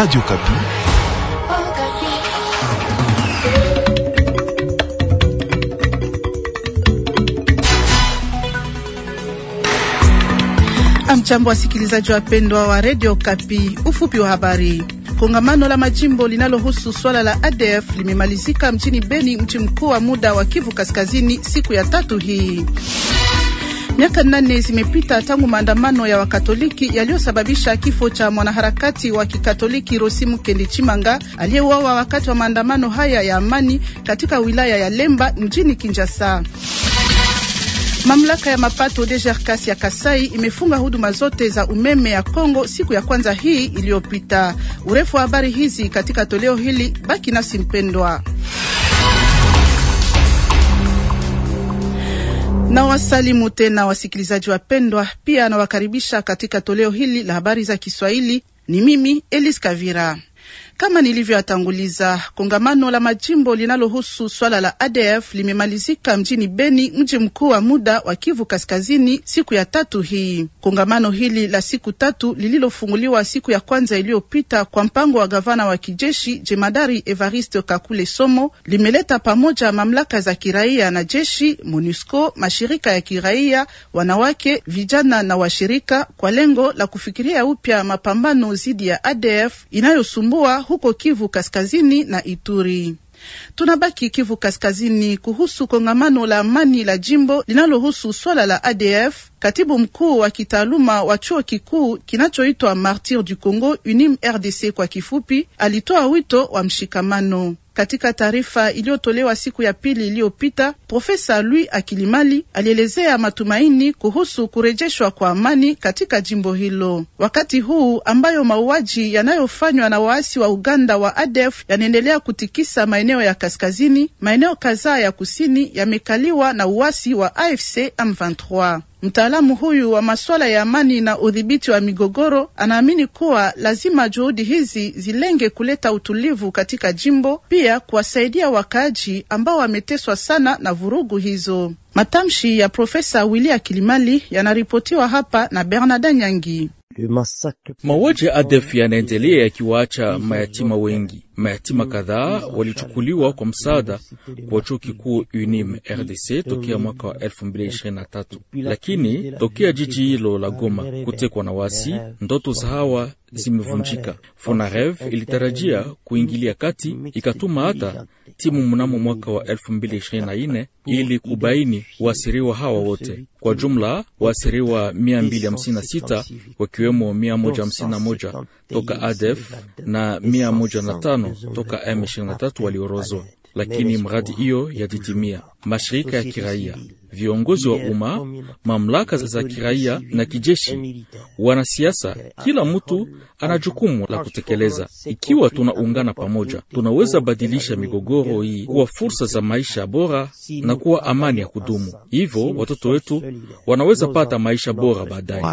Radio Kapi. Amchambo wasikilizaji wapendwa wa Radio Kapi, ufupi wa habari. Kongamano la majimbo linalohusu swala la ADF limemalizika mjini Beni, mji mkuu wa muda wa Kivu Kaskazini, siku ya tatu hii. Miaka nane zimepita tangu maandamano ya Wakatoliki yaliyosababisha kifo cha mwanaharakati wa Kikatoliki Rosimu Kendi Chimanga aliyeuawa wakati wa maandamano haya ya amani katika wilaya ya Lemba mjini Kinshasa. Mamlaka ya mapato DGRCAS ya Kasai imefunga huduma zote za umeme ya Kongo siku ya kwanza hii iliyopita. Urefu wa habari hizi katika toleo hili, baki nasi mpendwa. Na wasalimu tena wasikilizaji wapendwa, pia anawakaribisha katika toleo hili la habari za Kiswahili. Ni mimi Elis Kavira. Kama nilivyoatanguliza kongamano la majimbo linalohusu swala la ADF limemalizika mjini Beni, mji mkuu wa muda wa Kivu Kaskazini, siku ya tatu hii. Kongamano hili la siku tatu lililofunguliwa siku ya kwanza iliyopita kwa mpango wa gavana wa kijeshi jemadari Evariste Kakule Somo limeleta pamoja mamlaka za kiraia na jeshi, MONUSCO, mashirika ya kiraia, wanawake, vijana na washirika kwa lengo la kufikiria upya mapambano dhidi ya ADF inayosumbua huko Kivu Kaskazini na Ituri. Tunabaki Kivu Kaskazini kuhusu kongamano la amani la jimbo linalohusu swala la ADF Katibu mkuu wa kitaaluma wa chuo kikuu kinachoitwa Martir du Congo, UNIM RDC kwa kifupi, alitoa wito wa mshikamano. Katika taarifa iliyotolewa siku ya pili iliyopita, Profesa Louis Akilimali alielezea matumaini kuhusu kurejeshwa kwa amani katika jimbo hilo, wakati huu ambayo mauaji yanayofanywa na waasi wa Uganda wa ADF yanaendelea kutikisa maeneo ya kaskazini. Maeneo kadhaa ya kusini yamekaliwa na uasi wa AFC M23. Mtaalamu huyu wa masuala ya amani na udhibiti wa migogoro anaamini kuwa lazima juhudi hizi zilenge kuleta utulivu katika jimbo, pia kuwasaidia wakaaji ambao wameteswa sana na vurugu hizo. Matamshi ya Profesa Wilia Kilimali yanaripotiwa hapa na Bernarda Nyangi. Mauaji ya ADF yanaendelea yakiwaacha mayatima wengi Mayatima kadhaa walichukuliwa kwa msaada kwa chuo kikuu UNIM RDC tokea mwaka wa 2023, lakini tokea jiji hilo la Goma kutekwa na wasi, ndoto za hawa zimevunjika. FONAREV ilitarajia kuingilia kati, ikatuma hata timu mnamo mwaka wa 2024 ili kubaini waasiriwa hawa wote. Kwa jumla waasiriwa 256 wakiwemo 151 toka ADF na 105 toka M23 waliorozwa, lakini mradi hiyo yatitimia mashirika ya kiraia, viongozi wa umma, mamlaka za kiraia na kijeshi, wanasiasa. Kila mtu ana jukumu la kutekeleza. Ikiwa tunaungana pamoja, tunaweza badilisha migogoro hii kuwa fursa za maisha bora na kuwa amani ya kudumu. Hivyo watoto wetu wanaweza pata maisha bora baadaye.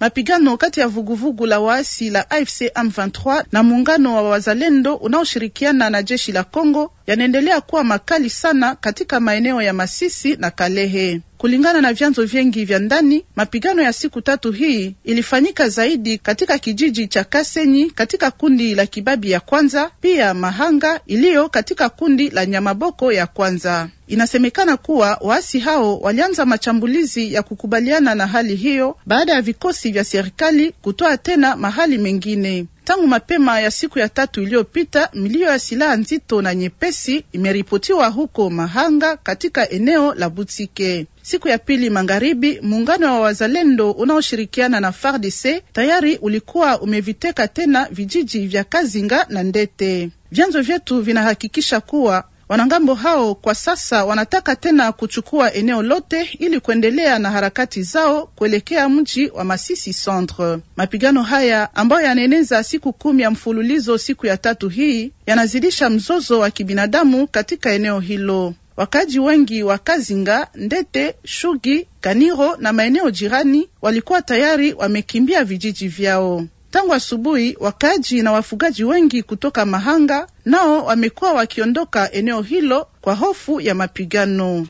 Mapigano kati ya vuguvugu la waasi la AFC M23 na muungano wa wazalendo unaoshirikiana na jeshi la Kongo yanaendelea kuwa makali kali sana katika maeneo ya Masisi na Kalehe. Kulingana na vyanzo vyengi vya ndani, mapigano ya siku tatu hii ilifanyika zaidi katika kijiji cha Kasenyi katika kundi la Kibabi ya kwanza, pia Mahanga iliyo katika kundi la Nyamaboko ya kwanza. Inasemekana kuwa waasi hao walianza mashambulizi ya kukubaliana na hali hiyo baada ya vikosi vya serikali kutoa tena mahali mengine. Tangu mapema ya siku ya tatu iliyopita, milio ya silaha nzito na nyepesi imeripotiwa huko Mahanga katika eneo la Butike. Siku ya pili magharibi, muungano wa wazalendo unaoshirikiana na FARDC tayari ulikuwa umeviteka tena vijiji vya Kazinga na Ndete. Vyanzo vyetu vinahakikisha kuwa Wanangambo hao kwa sasa wanataka tena kuchukua eneo lote ili kuendelea na harakati zao kuelekea mji wa Masisi Centre. Mapigano haya ambayo yanaeneza siku kumi ya mfululizo, siku ya tatu hii, yanazidisha mzozo wa kibinadamu katika eneo hilo. Wakaji wengi wa Kazinga, Ndete, Shugi, Kaniro na maeneo jirani walikuwa tayari wamekimbia vijiji vyao. Tangu asubuhi, wakaaji na wafugaji wengi kutoka Mahanga nao wamekuwa wakiondoka eneo hilo kwa hofu ya mapigano.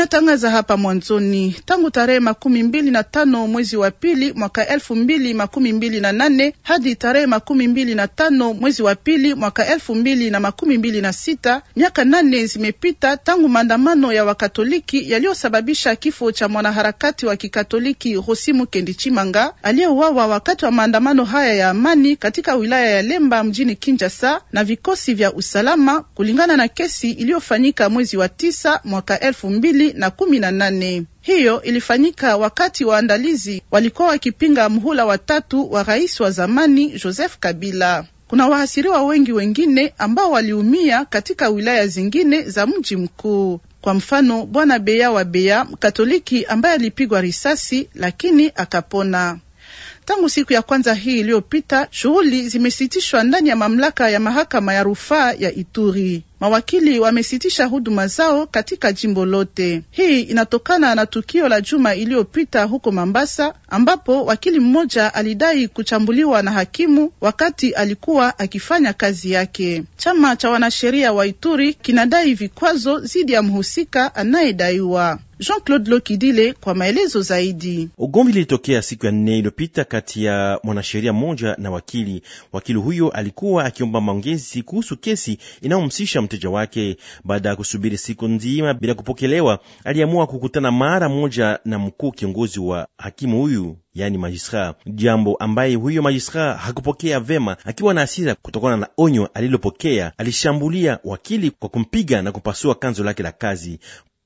tumeatangaza hapa mwanzoni, tangu tarehe makumi mbili na tano mwezi wa pili mwaka elfu mbili makumi mbili na nane hadi tarehe makumi mbili na tano mwezi wa pili mwaka elfu mbili na makumi mbili na sita miaka nane zimepita tangu maandamano ya Wakatoliki yaliyosababisha kifo cha mwanaharakati wa Kikatoliki Rosimu kendichimanga aliyeuawa wakati wa maandamano haya ya amani katika wilaya ya Lemba mjini kinjasa na vikosi vya usalama, kulingana na kesi iliyofanyika mwezi wa tisa mwaka elfu mbili na kumi na nane. Hiyo ilifanyika wakati waandalizi walikuwa wakipinga mhula watatu wa rais wa zamani Joseph Kabila. Kuna waasiriwa wengi wengine ambao waliumia katika wilaya zingine za mji mkuu. Kwa mfano, Bwana Beya wa Beya, Mkatoliki ambaye alipigwa risasi lakini akapona. Tangu siku ya kwanza hii iliyopita, shughuli zimesitishwa ndani ya mamlaka ya mahakama ya rufaa ya Ituri. Mawakili wamesitisha huduma zao katika jimbo lote. Hii inatokana na tukio la juma iliyopita huko Mambasa, ambapo wakili mmoja alidai kuchambuliwa na hakimu wakati alikuwa akifanya kazi yake. Chama cha wanasheria wa Ituri kinadai vikwazo dhidi ya mhusika anayedaiwa. Jean-Claude Lokidile kwa maelezo zaidi. Ugomvi lilitokea siku ya nne iliyopita kati ya mwanasheria mmoja na wakili. Wakili huyo alikuwa akiomba maongezi kuhusu kesi inayomhusisha mteja wake. Baada ya kusubiri siku nzima bila kupokelewa, aliamua kukutana mara moja na mkuu kiongozi wa hakimu huyu yaani majistra, jambo ambaye huyo majistra hakupokea vema. Akiwa na hasira kutokana na onyo alilopokea, alishambulia wakili kwa kumpiga na kupasua kanzo lake la kazi.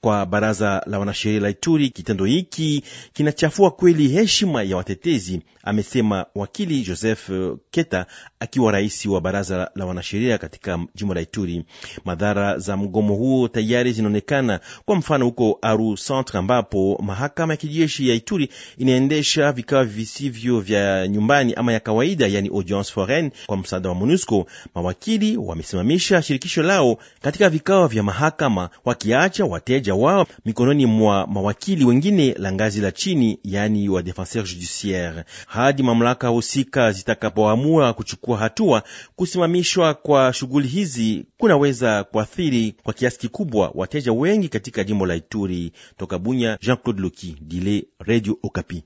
Kwa baraza la wanasheria la Ituri, kitendo hiki kinachafua kweli heshima ya watetezi, amesema wakili Joseph eh, Keta akiwa rais wa baraza la wanasheria katika jimbo la Ituri. Madhara za mgomo huo tayari zinaonekana, kwa mfano huko Aru Centre ambapo mahakama ya kijeshi ya Ituri inaendesha vikao visivyo vya nyumbani ama ya kawaida, yani audience foraine, kwa msaada wa MONUSCO. Mawakili wamesimamisha shirikisho lao katika vikao vya mahakama wakiacha wateja mmoja wao mikononi mwa mawakili wengine la ngazi la chini, yaani wa defenseur judiciaire, hadi mamlaka husika zitakapoamua kuchukua hatua. Kusimamishwa kwa shughuli hizi kunaweza kuathiri kwa kiasi kikubwa wateja wengi katika jimbo la Ituri. Toka Bunya, Jean Claude Loki Dile, Radio Okapi.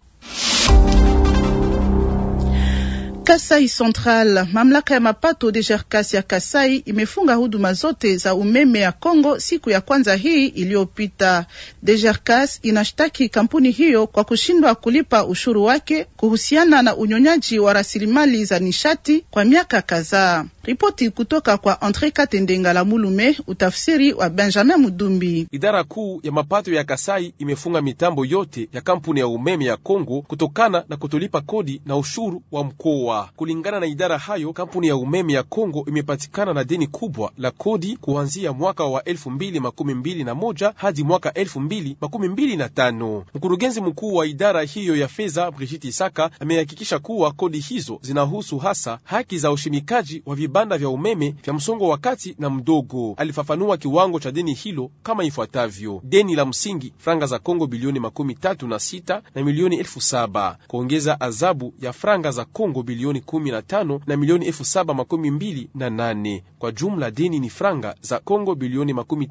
Kasai Central, mamlaka ya mapato DGRCAS ya Kasai imefunga huduma zote za umeme ya Kongo siku ya kwanza hii iliyopita. Jerkas inashtaki kampuni hiyo kwa kushindwa kulipa ushuru wake kuhusiana na unyonyaji wa rasilimali za nishati kwa miaka kadhaa. Ripoti kutoka kwa Andre Katendenga la Mulume, utafsiri wa Benjamin Mudumbi. Idara kuu ya mapato ya Kasai imefunga mitambo yote ya kampuni ya umeme ya Kongo kutokana na kutolipa kodi na ushuru wa mkoa kulingana na idara hayo, kampuni ya umeme ya Kongo imepatikana na deni kubwa la kodi kuanzia mwaka wa 2021 hadi mwaka 2025. Mkurugenzi mkuu wa idara hiyo ya fedha Brigitte Isaka amehakikisha kuwa kodi hizo zinahusu hasa haki za ushimikaji wa vibanda vya umeme vya msongo wa kati na mdogo. Alifafanua kiwango cha deni hilo kama ifuatavyo: deni la msingi franga za Kongo bilioni makumi tatu na sita na milioni elfu saba kuongeza adhabu ya franga za Kongo bilioni milioni 15 na milioni 7128. Kwa jumla deni ni franga za Kongo bilioni makumi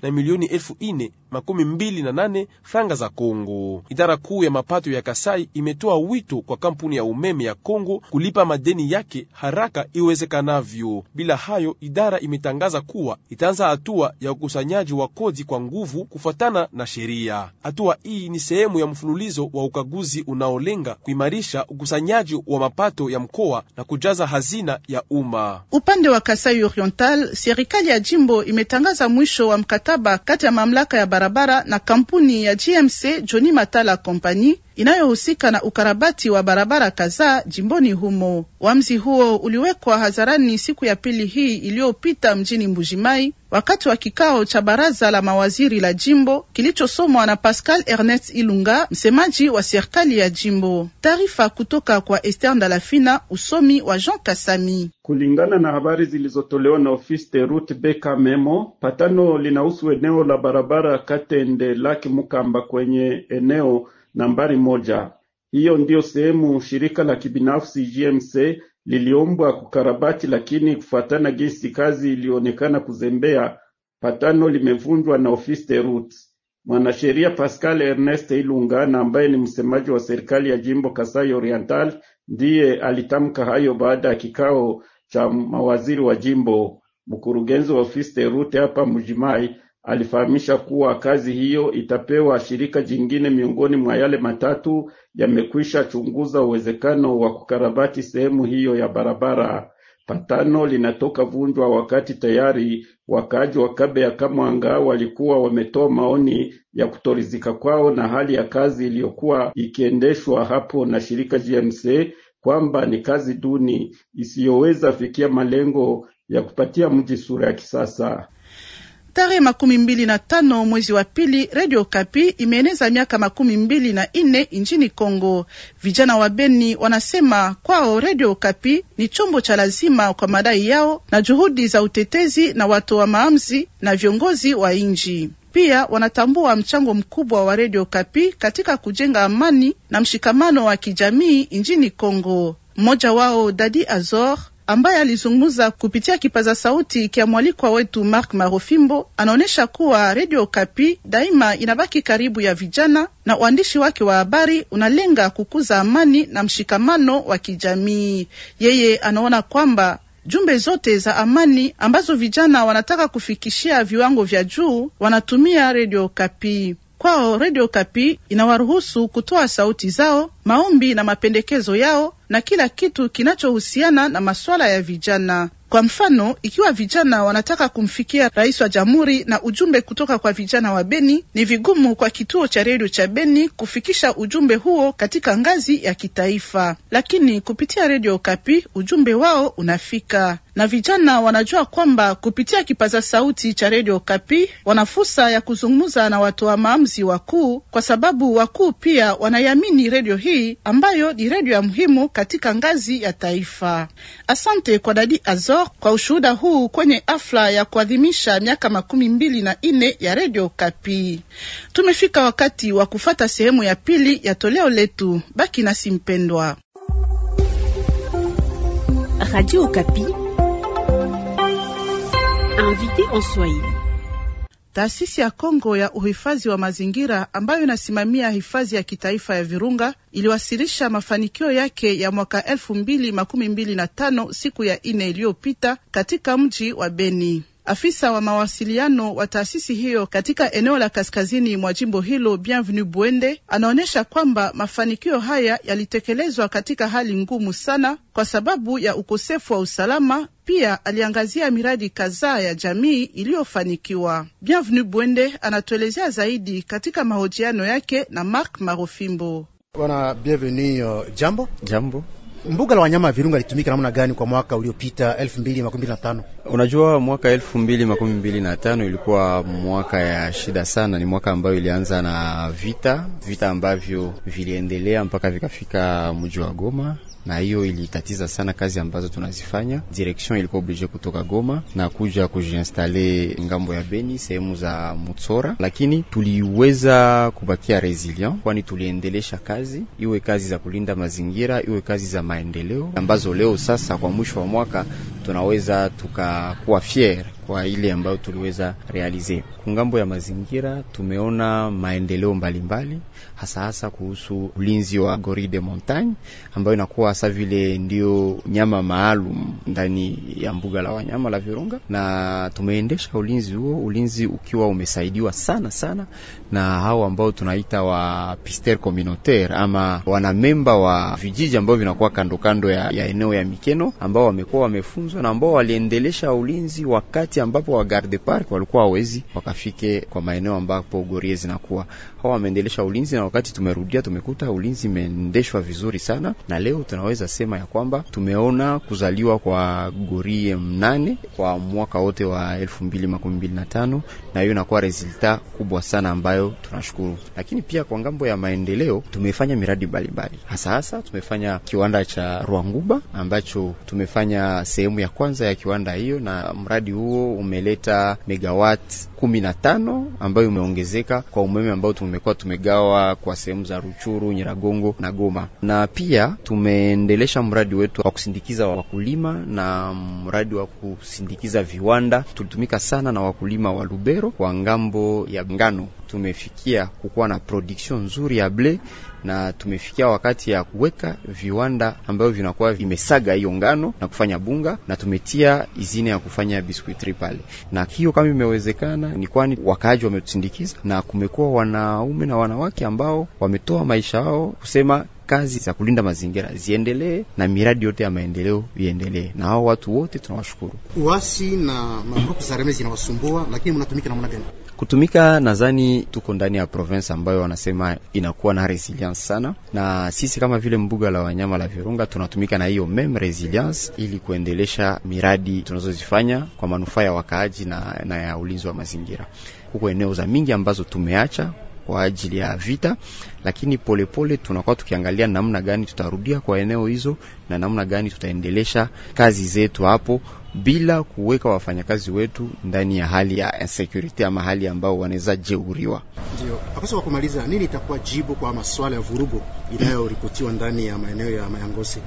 na milioni elfu franga za Kongo. Idara kuu ya mapato ya Kasai imetoa wito kwa kampuni ya umeme ya Kongo kulipa madeni yake haraka iwezekanavyo. Bila hayo, idara imetangaza kuwa itaanza hatua ya ukusanyaji wa kodi kwa nguvu kufuatana na sheria. Hatua hii ni sehemu ya mfululizo wa ukaguzi unaolenga kuimarisha ukusanyaji wa mapato mapato ya mkoa na kujaza hazina ya umma. Upande wa Kasai Oriental, serikali ya jimbo imetangaza mwisho wa mkataba kati ya mamlaka ya barabara na kampuni ya GMC Johnny Matala Company inayohusika na ukarabati wa barabara kadhaa jimboni humo. Uamuzi huo uliwekwa hadharani siku ya pili hii iliyopita mjini Mbujimai wakati wa kikao cha baraza la mawaziri la jimbo kilichosomwa na Pascal Ernest Ilunga, msemaji wa serikali ya jimbo. Taarifa kutoka kwa Esther Ndalafina, usomi wa Jean Kasami. Kulingana na habari zilizotolewa na ofisi de route Beka Memo, patano linahusu eneo la barabara Katende Laki Mukamba kwenye eneo nambari moja. Hiyo ndiyo sehemu shirika la kibinafsi GMC liliombwa kukarabati lakini kufuatana jinsi kazi ilionekana kuzembea patano limevunjwa na ofisi de route. Mwanasheria Pascal Ernest Ilungana ambaye ni msemaji wa serikali ya jimbo Kasai Oriental ndiye alitamka hayo baada ya kikao cha mawaziri wa jimbo. Mkurugenzi wa ofisi de route hapa Mujimai Alifahamisha kuwa kazi hiyo itapewa shirika jingine miongoni mwa yale matatu yamekwisha chunguza uwezekano wa kukarabati sehemu hiyo ya barabara. Patano linatoka vunjwa wakati tayari wakaaji wa Kabe ya Kamwanga walikuwa wametoa maoni ya kutorizika kwao na hali ya kazi iliyokuwa ikiendeshwa hapo na shirika GMC kwamba ni kazi duni isiyoweza fikia malengo ya kupatia mji sura ya kisasa. Tarehe makumi mbili na tano mwezi wa pili, Radio Kapi imeeneza miaka makumi mbili na nne nchini Kongo. Vijana wa Beni wanasema kwao Radio Kapi ni chombo cha lazima kwa madai yao na juhudi za utetezi na watu wa maamuzi na viongozi wa nchi. Pia wanatambua mchango mkubwa wa Radio Kapi katika kujenga amani na mshikamano wa kijamii nchini Kongo. Mmoja wao Dadi Azor ambaye alizungumza kupitia kipaza sauti kya mwalikwa wetu Mark Marofimbo anaonyesha kuwa redio Kapi daima inabaki karibu ya vijana na uandishi wake wa habari unalenga kukuza amani na mshikamano wa kijamii. Yeye anaona kwamba jumbe zote za amani ambazo vijana wanataka kufikishia viwango vya juu wanatumia redio Kapi. Kwao Radio Kapi inawaruhusu kutoa sauti zao, maombi na mapendekezo yao na kila kitu kinachohusiana na masuala ya vijana. Kwa mfano, ikiwa vijana wanataka kumfikia rais wa jamhuri na ujumbe kutoka kwa vijana wa Beni, ni vigumu kwa kituo cha redio cha Beni kufikisha ujumbe huo katika ngazi ya kitaifa, lakini kupitia redio Kapi ujumbe wao unafika na vijana wanajua kwamba kupitia kipaza sauti cha redio Kapi wana fursa ya kuzungumza na watoa maamuzi wakuu, kwa sababu wakuu pia wanaiamini redio hii ambayo ni redio ya muhimu katika ngazi ya taifa. Asante kwa Dadi Azor kwa ushuhuda huu kwenye afla ya kuadhimisha miaka makumi mbili na nne ya redio Kapi. Tumefika wakati wa kufata sehemu ya pili ya toleo letu. Baki nasi mpendwa Radio Kapi. Invité en Swahili. Taasisi ya Kongo ya uhifadhi wa mazingira ambayo inasimamia hifadhi ya kitaifa ya Virunga iliwasilisha mafanikio yake ya mwaka elfu mbili makumi mbili na tano siku ya nne iliyopita katika mji wa Beni. Afisa wa mawasiliano wa taasisi hiyo katika eneo la kaskazini mwa jimbo hilo, Bienvenu Bwende, anaonyesha kwamba mafanikio haya yalitekelezwa katika hali ngumu sana kwa sababu ya ukosefu wa usalama. Pia aliangazia miradi kadhaa ya jamii iliyofanikiwa. Bienvenu Bwende anatuelezea zaidi katika mahojiano yake na Mark Marofimbo. Bwana Bienvenu, jambo jambo. Mbuga la wanyama Virunga litumika namna gani kwa mwaka uliopita 2025? Unajua mwaka 2025 ilikuwa mwaka ya shida sana, ni mwaka ambayo ilianza na vita, vita ambavyo viliendelea mpaka vikafika mji wa Goma na hiyo ilitatiza sana kazi ambazo tunazifanya. Direction ilikuwa oblige kutoka Goma na kuja kujiinstale ngambo ya Beni, sehemu za Mutsora, lakini tuliweza kubakia resilient, kwani tuliendelesha kazi, iwe kazi za kulinda mazingira, iwe kazi za maendeleo ambazo leo sasa kwa mwisho wa mwaka tunaweza tukakuwa fier kwa ile ambayo tuliweza realize. Kungambo ya mazingira tumeona maendeleo mbalimbali mbali, hasa hasa kuhusu ulinzi wa gori de montagne ambayo inakuwa hasa vile ndio nyama maalum ndani ya mbuga la wanyama la Virunga, na tumeendesha ulinzi huo, ulinzi ukiwa umesaidiwa sana sana na hao ambao tunaita wa pister communautaire ama wanamemba wa vijiji ambao vinakuwa kando kando ya, ya eneo ya Mikeno ambao wamekuwa wamefunzwa wazo na ambao waliendelesha ulinzi wakati ambapo wa garde park walikuwa hawezi wakafike kwa maeneo ambapo gorie zinakuwa. Hao wameendelesha ulinzi, na wakati tumerudia tumekuta ulinzi imeendeshwa vizuri sana, na leo tunaweza sema ya kwamba tumeona kuzaliwa kwa gorie mnane kwa mwaka wote wa elfu mbili makumi mbili na tano na hiyo inakuwa resulta kubwa sana ambayo tunashukuru. Lakini pia kwa ngambo ya maendeleo tumefanya miradi mbalimbali, hasa hasa tumefanya kiwanda cha Rwanguba ambacho tumefanya sehemu ya kwanza ya kiwanda hiyo, na mradi huo umeleta megawati kumi na tano ambayo umeongezeka kwa umeme ambao tumekuwa tumegawa kwa sehemu za Ruchuru, Nyiragongo na Goma, na pia tumeendelesha mradi wetu wa kusindikiza wakulima na mradi wa kusindikiza viwanda. Tulitumika sana na wakulima wa Lubero kwa ngambo ya ngano, tumefikia kukuwa na production nzuri ya ble na tumefikia wakati ya kuweka viwanda ambavyo vinakuwa vimesaga hiyo ngano na kufanya bunga, na tumetia izini ya kufanya biskuitri pale, na hiyo kama imewezekana ni kwani wakaaji wametusindikiza, na kumekuwa wanaume na wanawake ambao wametoa maisha yao kusema kazi za kulinda mazingira ziendelee na miradi yote ya maendeleo iendelee, na hao watu wote tunawashukuru. Uasi na magrupu za remezi inawasumbua, lakini mnatumika namna gani? Kutumika, nadhani tuko ndani ya province ambayo wanasema inakuwa na resilience sana, na sisi kama vile mbuga la wanyama la Virunga tunatumika na hiyo meme resilience ili kuendelesha miradi tunazozifanya kwa manufaa ya wakaaji na, na ya ulinzi wa mazingira huko eneo za mingi ambazo tumeacha kwa ajili ya vita, lakini polepole tunakuwa tukiangalia namna gani tutarudia kwa eneo hizo na namna gani tutaendelesha kazi zetu hapo bila kuweka wafanyakazi wetu ndani ya hali ya insecurity ama hali ambao wanaweza jeuriwa. Ndio akasa, kwa kumaliza, nini itakuwa jibu kwa masuala ya vurugu inayoripotiwa ndani ya maeneo ya Mayangosi?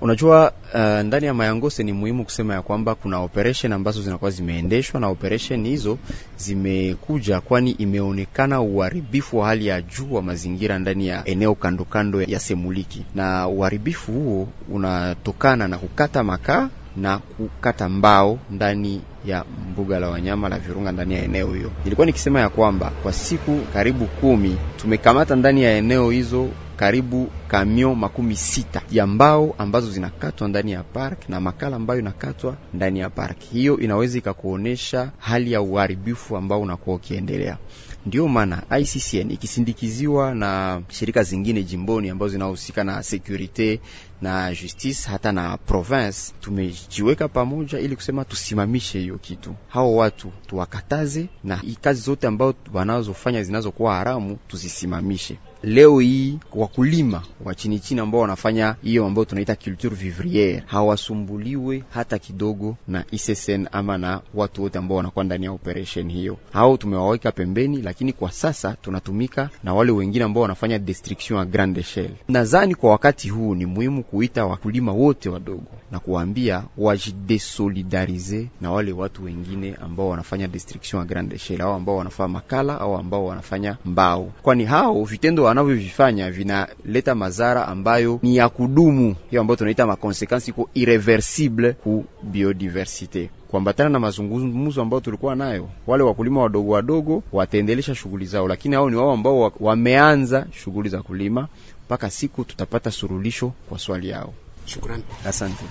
Unajua uh, ndani ya Mayangose ni muhimu kusema ya kwamba kuna operation ambazo zinakuwa zimeendeshwa na operation hizo zimekuja, kwani imeonekana uharibifu wa hali ya juu wa mazingira ndani ya eneo kando kando ya Semuliki, na uharibifu huo unatokana na kukata makaa na kukata mbao ndani ya mbuga la wanyama la Virunga ndani ya eneo hiyo. Nilikuwa nikisema ya kwamba kwa siku karibu kumi tumekamata ndani ya eneo hizo karibu kamion makumi sita ya mbao ambazo zinakatwa ndani ya park na makala ambayo inakatwa ndani ya park. Hiyo inaweza ikakuonyesha hali ya uharibifu ambao unakuwa ukiendelea. ndio maana ICCN ikisindikiziwa na shirika zingine jimboni ambazo zinahusika na security na justice hata na province, tumejiweka pamoja ili kusema tusimamishe hiyo kitu, hao watu tuwakataze, na kazi zote ambao wanazofanya zinazokuwa haramu tuzisimamishe leo hii wakulima wa chini chini ambao wanafanya hiyo ambayo tunaita culture vivriere hawasumbuliwe hata kidogo na ISSN ama na watu wote ambao wanakuwa ndani ya operation hiyo. Hao tumewaweka pembeni, lakini kwa sasa tunatumika na wale wengine ambao wanafanya destruction a grande echelle. Nadhani kwa wakati huu ni muhimu kuita wakulima wote wadogo na kuwaambia wajidesolidarize na wale watu wengine ambao wanafanya destruction a grande echelle, au ambao wanafanya makala au ambao wanafanya mbao, kwani hao vitendo wanavyovifanya vinaleta mazara ambayo ni ya kudumu, hiyo ambayo tunaita makonsekansi iko irreversible ku biodiversite. Kuambatana na mazungumzo ambayo tulikuwa nayo, wale wakulima wadogo wadogo wataendelesha shughuli zao, lakini hao ni wao ambao wameanza shughuli za kulima. Mpaka siku tutapata surulisho kwa swali yao. Shukrani, asante.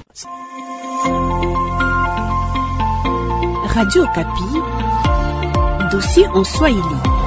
Radio Kapi, dossier en Swahili.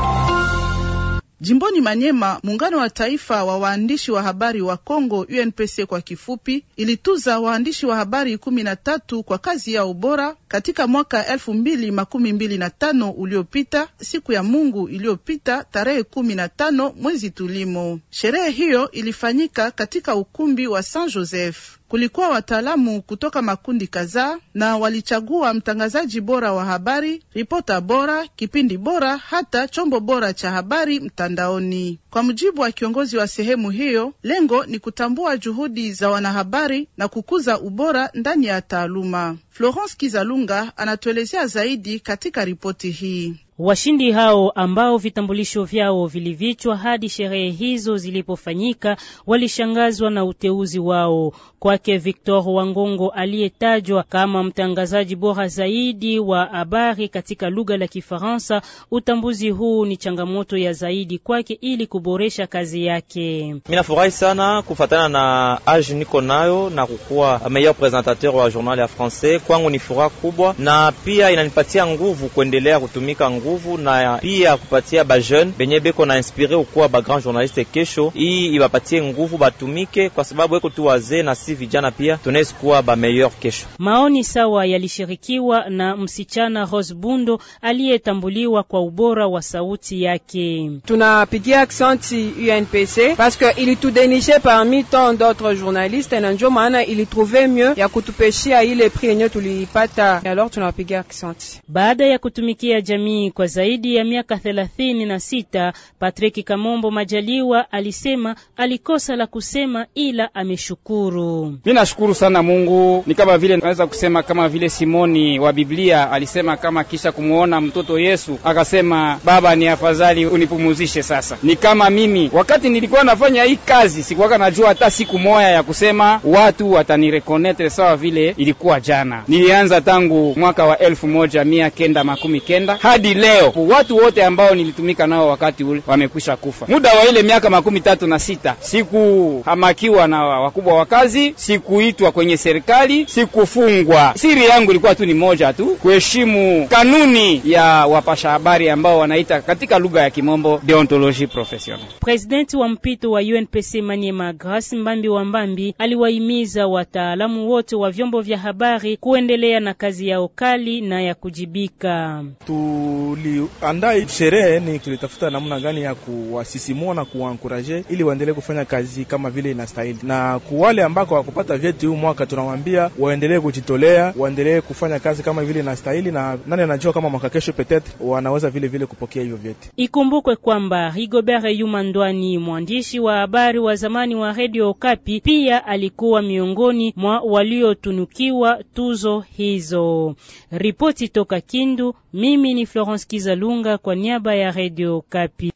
Jimboni Manyema, muungano wa taifa wa waandishi wa habari wa Kongo, UNPC kwa kifupi, ilituza waandishi wa habari kumi na tatu kwa kazi yao bora katika mwaka elfu mbili makumi mbili na tano uliopita, siku ya Mungu iliyopita tarehe kumi na tano mwezi tulimo. Sherehe hiyo ilifanyika katika ukumbi wa San Joseph. Kulikuwa wataalamu kutoka makundi kadhaa na walichagua mtangazaji bora wa habari, ripota bora, kipindi bora, hata chombo bora cha habari mtandaoni. Kwa mujibu wa kiongozi wa sehemu hiyo, lengo ni kutambua juhudi za wanahabari na kukuza ubora ndani ya taaluma. Florence Kizalunga anatuelezea zaidi katika ripoti hii. Washindi hao ambao vitambulisho vyao vilivichwa hadi sherehe hizo zilipofanyika walishangazwa na uteuzi wao. Kwake Victor Wangongo aliyetajwa kama mtangazaji bora zaidi wa habari katika lugha la Kifaransa, utambuzi huu ni changamoto ya zaidi kwake ili kuboresha kazi yake. Minafurahi sana kufatana na age niko nayo na kukuwa meilleur presentateur wa journal ya français kwangu ni furaha kubwa, na pia inanipatia nguvu kuendelea kutumika nguvu, na pia kupatia bajeune benye beko na inspire ukuwa grand journaliste kesho, iyi ibapatie nguvu batumike, kwa sababu eko tu wazee na si vijana pia tunaweza kuwa meilleur kesho. Maoni sawa yalishirikiwa na msichana Rose Bundo aliyetambuliwa kwa ubora wa sauti yake. Tunapigia aksanti UNPC parce que déniché parmi tant d'autres journalistes, et njo maana trouvait mieux ya kutupeshia ile prix yenyewe tuliipata, alors tunawapigia asante. Baada ya kutumikia jamii kwa zaidi ya miaka thelathini na sita, Patrick Kamombo Majaliwa alisema alikosa la kusema, ila ameshukuru. Mimi nashukuru sana Mungu, ni kama vile naweza kusema kama vile Simoni wa Biblia alisema kama kisha kumwona mtoto Yesu akasema, Baba, ni afadhali unipumuzishe sasa. Ni kama mimi wakati nilikuwa nafanya hii kazi sikuwaka najua hata siku moya ya kusema watu watanirekonetre sawa vile ilikuwa jana, nilianza tangu mwaka wa elfu moja mia kenda makumi kenda hadi leo. Watu wote ambao nilitumika nao wakati ule wamekwisha kufa. Muda wa ile miaka makumi tatu na sita sikuhamakiwa na wakubwa wa kazi, sikuitwa kwenye serikali, sikufungwa. Siri yangu ilikuwa tu ni moja tu, kuheshimu kanuni ya wapasha habari ambao wanaita katika lugha ya kimombo deontologie professional. Presidenti wa mpito wa UNPC Maniema Grace Mbambi wa Mbambi aliwahimiza wataalamu wote wa vyombo vya habari kuendelea na kazi yao kali na ya kujibika. Tuliandaa sherehe ni tulitafuta namna gani ya kuwasisimua na kuwaankuraje ili waendelee kufanya kazi kama vile inastahili, na ku wale ambako wakupata vyeti huu mwaka tunawaambia waendelee kujitolea, waendelee kufanya kazi kama vile inastahili, na nani anajua kama mwaka kesho petetre wanaweza vile vile kupokea hivyo vyeti. Ikumbukwe kwamba Rigobert Yuma Ndwani, mwandishi wa habari wa zamani wa redio Okapi, pia alikuwa miongoni mwa waliotunukiwa tuzo tuzo hizo. Ripoti toka Kindu, mimi ni Florence Kizalunga kwa niaba ya Radio Kapi.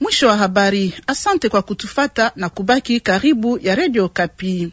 Mwisho wa habari. Asante kwa kutufata na kubaki karibu ya Radio Kapi.